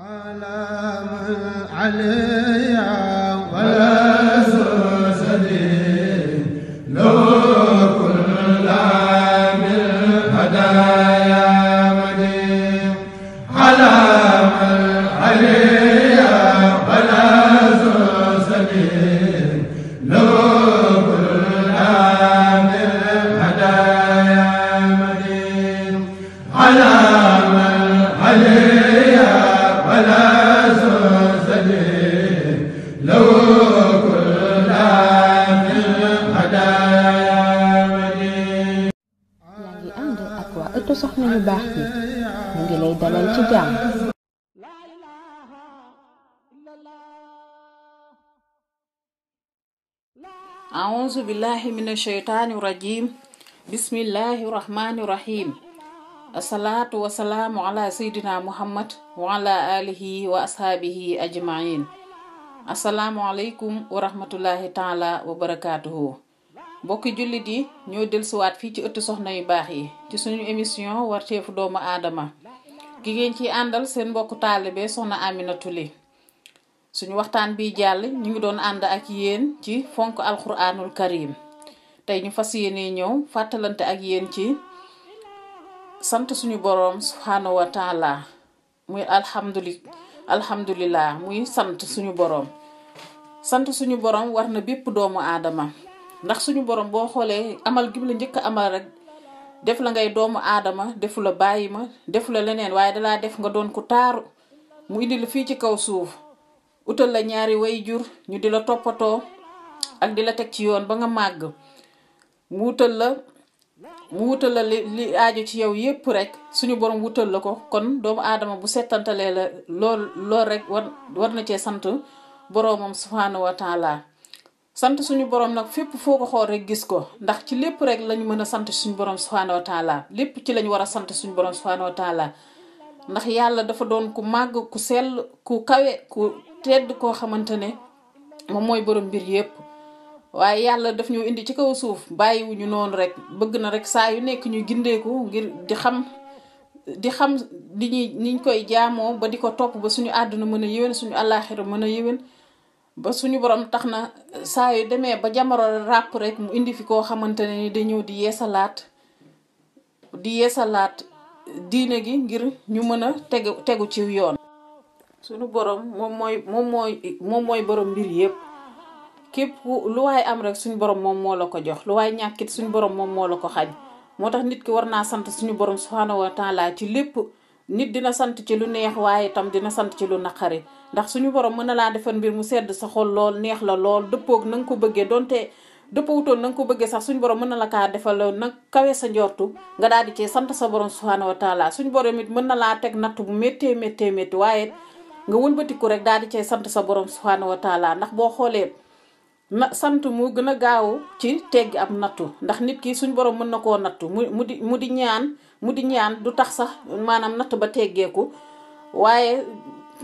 علام علي ولا زوزني لو xaritu soxna yu baax yi mu ngi lay dalal ci jàmm auzu billahi min asheytaani rajim bismillahi rahmaani rahim asalaatu wasalaamu ala seydina muhammad wa ala alihi wa ashaabihi ajmain asalaamu aleykum wa rahmatullahi taala wa barakatuhu mbokki jullit yi ñoo dellusiwaat fii ci ëttu soxna yu baax yi ci suñu émission warteefu doomu aadama gi ngeen ciy àndal seen mbokku taalibe soxna Amina Touré suñu waxtaan bi jàll ñu ngi doon ànd ak yéen ci fonk karim tey ñu fas yéene ñëw fàttalante ak yéen ci sant suñu boroom subhanahu wa taala muy alhamduli alhamdulillah muy sant suñu boroom sant suñu boroom war na bépp doomu aadama ndax suñu borom boo xoolee amal gi la njëkk a amal rek def la ngay doomu aadama defu la bàyyi ma defu la leneen waaye dalaa def nga doon ku taaru mu indi la fii ci kaw suuf wutal la ñaari way jur ñu di la toppatoo ak di la teg ci yoon ba nga màgg mu wutal la mu li li ci yow yépp rek suñu borom wutal la ko kon doomu aadama bu setantalee la lool lool rek war war na cee sant boroomam subhaanahu wa taala sant suñu borom nag fépp foo ko xool rek gis ko ndax ci lépp rek lañu mën a sant suñu borom subhaanahu wa lépp ci lañu war a sant suñu borom subhaanahu wa ndax yàlla dafa doon ku màgg ku sell ku kawe ku tedd koo xamante ne moom mooy borom mbir yépp waaye yàlla daf ñu indi ci kaw suuf bàyyiwuñu noonu rek bëgg na rek saa yu nekk ñu gindeeku ngir di xam di xam di ñuy niñ koy jaamoo ba di ko topp ba suñu àdduna mën a yéwén suñu àllaaxira mën a yéwén ba suñu borom tax na saa yu demee ba jamono ràpp rek mu indi fi koo xamante ne ni dañëw di yeesalaat di yeesalaat diine gi ngir ñu mën a tegu tegu ci yoon. suñu boroom moom mooy moom mooy moom mbir yépp képp lu waay am rek suñu borom moom moo la ko jox lu waaye ñàkkit suñu borom moom moo la ko xañ moo tax nit ki war naa sant suñu borom subhaanahu wa taala ci lépp. nit dina sant ci lu neex waaye itam dina sant ci lu naqari ndax suñu borom mën na laa defal mbir mu sedd sa xol lool neex la lool dëppook na nga ko bëggee donte dëppawutoon na nga ko bëggee sax suñu borom mën na la kaa defal nag kawe sa njortu nga daal di cee sant sa borom subhaanahu suñu borom it mën na laa teg natt bu méttee méttee métti waaye nga wëlbatiku rek daal di cee sant sa borom subhaanahu wa taala ndax boo xoolee na sant mu gën a gaaw ci tegg ab nattu ndax nit ki suñu borom mën na koo nattu mu mu di mu di ñaan mu di ñaan du tax sax maanaam natt ba teggeeku waaye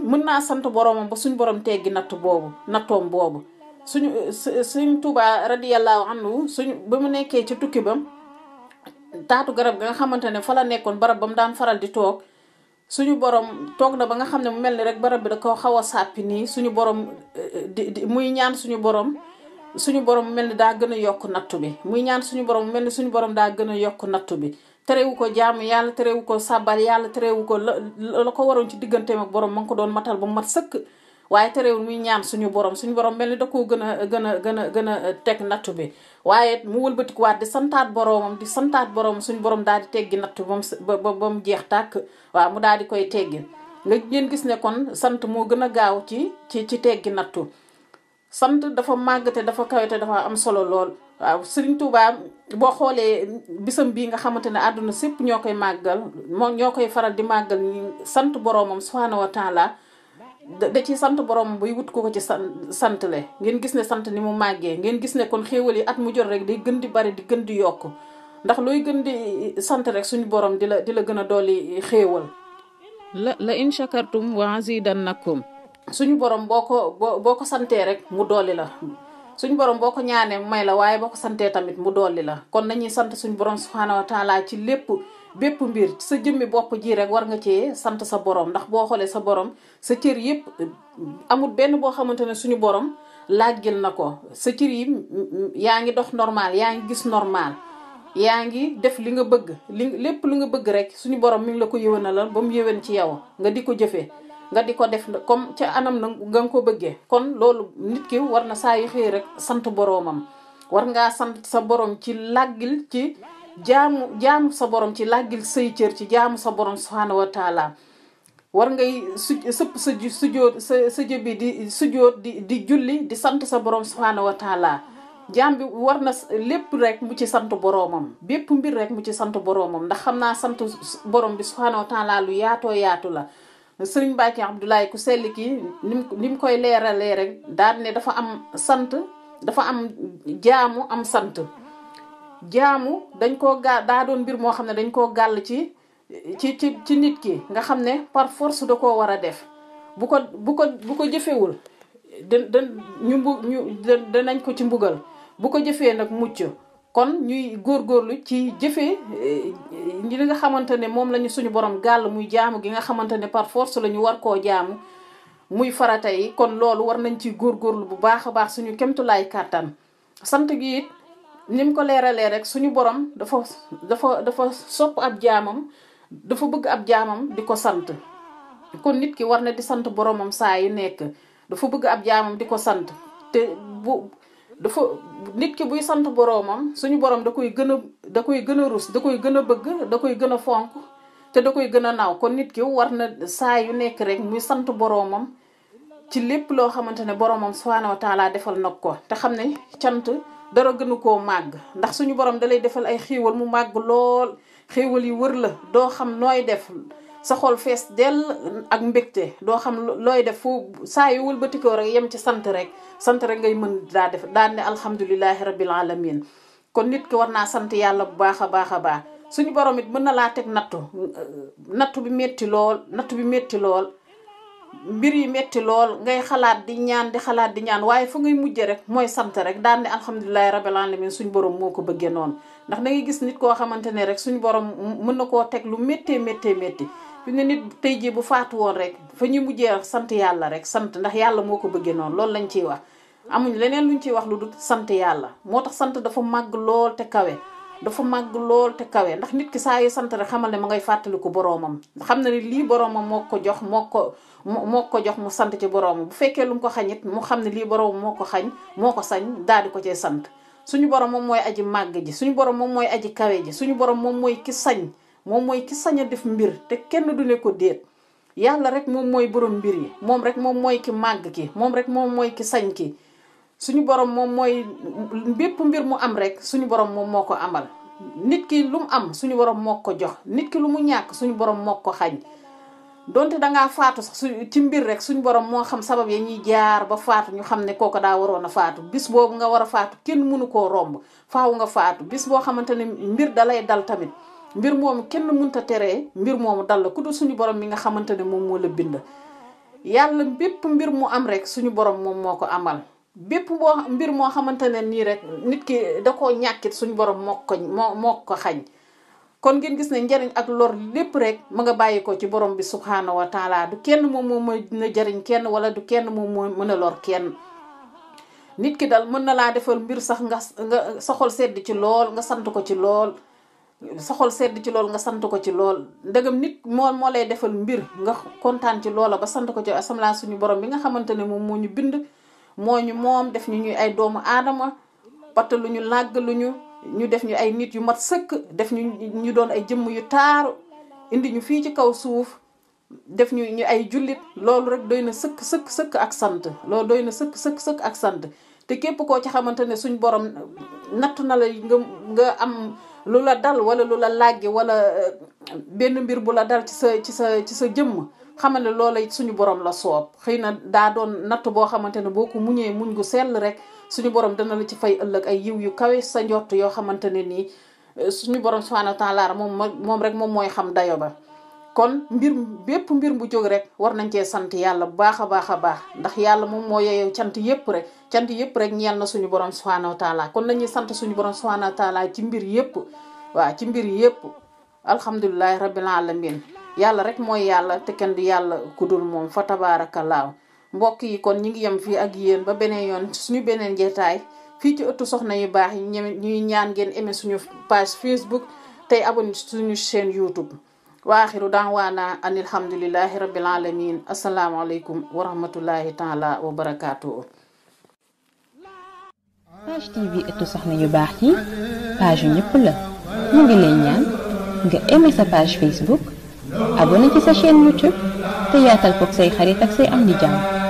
mën naa sant boroomam ba suñ borom teggi natt boobu nattoom boobu suñu suñ Tuubaa radiyallahu anhu suñ ba mu nekkee ci tukki bam taatu garab ga nga xamante ne fa la nekkoon barab ba mu daan faral di toog suñu borom toog na ba nga xam ne mu mel ni rek barab bi da ko xaw a sàppi nii suñu borom di muy ñaan suñu borom suñu borom mel ni daa gën a yokk nattu bi muy ñaan suñu borom mel ni suñu borom daa gën a yokk nattu bi terewu ko jaamu yàlla terewu ko sàbbal yàlla terewu ko la la ko waroon ci diggante ak borom ma ngi ko doon matal ba mat sëkk waaye terewul muy ñaan suñu borom suñu borom mel ni da koo gën a gën a gën a gën a teg nattu bi waaye mu wëlbatikuwaat di santaat boromam di santaat borom suñu borom daal di teggi nattu ba mu ba mu jeex tàkk waa mu daal di koy teggi nga ngeen gis ne kon sant moo gën a gaaw ci ci ci teggi nattu sant dafa màgg te dafa kawe dafa am solo lool. waaw Serigne Touba boo xoolee bisam bii nga xamante ne àdduna sépp ñoo koy màggal moom ñoo koy faral di màggal ñu sant boroomam subhaanahu wa taala da ci sant borom buy wut ko ko ci sant sant le ngeen gis ne sant ni mu màggee ngeen gis ne kon xéewal yi at mu jot rek di gën di bari di gën di yokk ndax looy gën di sant rek suñu borom di la di la gën a dolli xéewal la la in shakartum wa azidannakum suñu borom boo ko boo boo ko santee rek mu dolli la suñ borom boo ko ñaanee may la waaye boo ko santee tamit mu dolli la kon nañuy sant suñ borom subhaanahu wa taala ci lépp bépp mbir sa jëmmi bopp ji rek war nga cee sant sa borom ndax boo xoolee sa borom sa cër yëpp amul benn boo xamante ne suñu borom laajgil na ko sa cër yi yaa ngi dox normal yaa ngi gis normal yaa ngi def li nga bëgg li lépp lu nga bëgg rek suñu borom mi la ko na la ba mu yëwén ci yow nga di ko jëfee nga di ko def comme ci anam na nga nga ko bëggee kon loolu nit ki war na saa yu rek sant boroomam war ngaa sant sa borom ci laggil ci jaamu sa borom ci làggil say cër ci jaamu sa borom subhaanahu war ngay su sëpp sa sujoot sa di sujoot di di julli di sant sa borom subhaanahu wa jaam bi war na lépp rek mu ci sant boroomam bépp mbir rek mu ci sant boroomam ndax xam naa sant borom bi subhaanahu wa lu yaatoo yaatu la sëriñ Mbacke Abdoulaye ku sell kii ni mu ni mu koy leeralee rek daan ne dafa am sant dafa am jaamu am sant jaamu dañ ko gaa daa doon mbir moo xam ne dañ koo gàll ci ci ci ci nit ki nga xam ne par force da koo war a def bu ko bu ko bu ko jëfewul da da ñu mbu ko ci mbugal bu ko jëfee nag mucc kon ñuy góor góorgóorlu ci jëfe ñi eh, li nga xamante ne moom lañu suñu borom gàll muy jaamu gi nga xamante ne par force la ñu war koo jaamu muy farata yi kon loolu war nañ ci góor góorlu bu baax a baax suñu kemtulaay kàttan sant gi it nim ko leeralee rek suñu borom dafa dafa dafa sopp ab jaamam dafa bëgg ab jaamam di ko sant nit ki war na di sant boromam saa yu nekk dafa bëgg ab jaamam di ko sant te bu dafa nit ki buy sant boromam suñu boroom da koy gën a da koy gën a rus da koy gën a bëgg da koy gën a fonk te da koy gën a naaw kon nit ki war na saa yu nekk rek muy sant boroomam ci lépp loo xamante ne boroomam subhaanahu wa taala defal nag ko te xam ne cant dara gënu koo màgg ndax suñu borom dalay defal ay xéewal mu màgg lool xéewal yi wër la doo xam nooy def sa xol fees dell ak mbégte doo xam looy def fu saa yu wëlbatikoo rek yem ci sant rek sant rek ngay mën daa def daan ne alhamdulilahi rabbil alamin kon nit ki war naa sant yàlla bu baax a baax a baax suñu borom mën na laa teg nattu euh, nattu bi metti lool nattu bi metti lool mbir yi metti lool ngay xalaat di ñaan di xalaat di ñaan waaye fu mujje rek mooy rek daan ne alhamdulilahi rabbil alamin suñu borom moo ko bëggee noonu ndax gis nit koo xamante ne rek suñu borom mën na koo teg lu méttee méttee métti fi ne nit tey jii bu faatu woon rek fa ñu mujjee sant yàlla rek sant ndax yàlla moo ko bëggee noonu loolu lañ ciy wax amuñ leneen luñ ciy wax lu dul sant yàlla moo tax sant dafa màgg lool te kawe dafa màgg lool te kawe ndax nit ki saa yu sant rek xamal ne ma ngay fàttaliku boroomam xam na ne lii boroomam moo ko jox moo ko moo ko jox mu sant ci boroomam bu fekkee lu ko xañit mu xam ne lii boroomam moo ko xañ moo ko sañ daal di ko cee sant suñu borom moom mooy aji màgg ji suñu borom moom mooy aji kawe ji suñu borom moom mooy ki sañ moom mooy ki sañ a def mbir te kenn du ne ko déet yàlla rek moom mooy boroom mbir yi moom rek moom mooy ki màgg ki moom rek moom mooy ki sañ ki suñu borom moom mooy bépp mbir mu am rek suñu borom moom moo ko amal nit ki lu am suñu borom moo ko jox nit ki lu mu ñàkk suñu borom moo ko xañ donte dangaa faatu su ci mbir rek suñu borom moo xam sabab ya ñuy jaar ba faatu ñu xam ne kooko daa waroon a faatu bis boobu nga war a faatu kenn mënu koo romb faaw nga faatu bis boo xamante ne mbir dalay dal tamit mbir moomu kenn munta teree mbir moomu dal la ku dul suñu borom mi nga xamante ne moom moo la bind yàlla bépp mbir mu am rek suñu borom moom moo ko amal bépp boo mbir moo xamante ne nii rek nit ki da koo ñàkkit suñu borom moo ko moo ko xañ kon ngeen gis ne njariñ ak lor lépp rek ma nga bàyyi ko ci borom bi subhanahu wa taala du kenn moom moo ma a jariñ kenn wala du kenn moom moo mën a lor kenn nit ki dal mën na laa defal mbir sax nga nga soxol sedd ci lool nga sant ko ci lool sa xol sedd ci lool nga sant ko ci lool ndegam nit moo moo lay defal mbir nga kontaan ci loola ba sant ko ci asamlaa suñu borom bi nga xamante ne moo ñu bind moo ñu moom def ñu ñuy ay doomu aadama patta lu ñu làgg lu ñu ñu def ñu ay nit yu mat sëkk def ñu ñu doon ay jëmm yu taaru indi ñu fii ci kaw suuf def ñu ñu ay jullit loolu rek doy na sëkk sëkk sëkk ak sant loolu doy sëkk sëkk sëkk ak sant suñ borom natt na la nga am lu la dal wala lu la làggi wala euh, benn mbir bu la dal ci sa ci sa ci sa jëmm xamal ne loola suñu borom la soob xëy na daa doon natt boo xamante ne boo ko muñee muñ gu sell rek suñu borom dana la ci fay ëllëg ay yiw yu kawee sa njott yoo xamante ne nii euh, suñu borom subhanahu wa taala moom moom rek moom mooy xam dayo ba kon mbir bépp mbir bu jóg rek war nañ cee sant yàlla bu baax a baax a baax ndax yàlla moom moo yeeyow cant yépp rek cant yépp rek ñeel na suñu borom subhaanahu wa taala kon nañuy sant suñu borom subhaanahu wa ci mbir yépp waaw ci mbir yépp alhamdulilahi rabbil alamin yàlla rek mooy yàlla te kenn du yàlla ku dul moom fa tabaarakallaahu mbokk yi kon ñi ngi yem fii ak yéen ba beneen yoon suñu beneen jeetaay fii ci ëttu soxna yu baax yi ñuy ñaan ngeen aimé suñu page Facebook tey abonné suñu chaîne YouTube واخر دعوانا ان الحمد لله رب العالمين السلام عليكم ورحمه الله تعالى وبركاته page tv ëttu soxna yu bax yi page yu ñëpp la ñu ngi lay ñaan nga aimé sa page facebook abonné ci sa chaîne youtube te yaatal koog say xarit ak say am di jàmm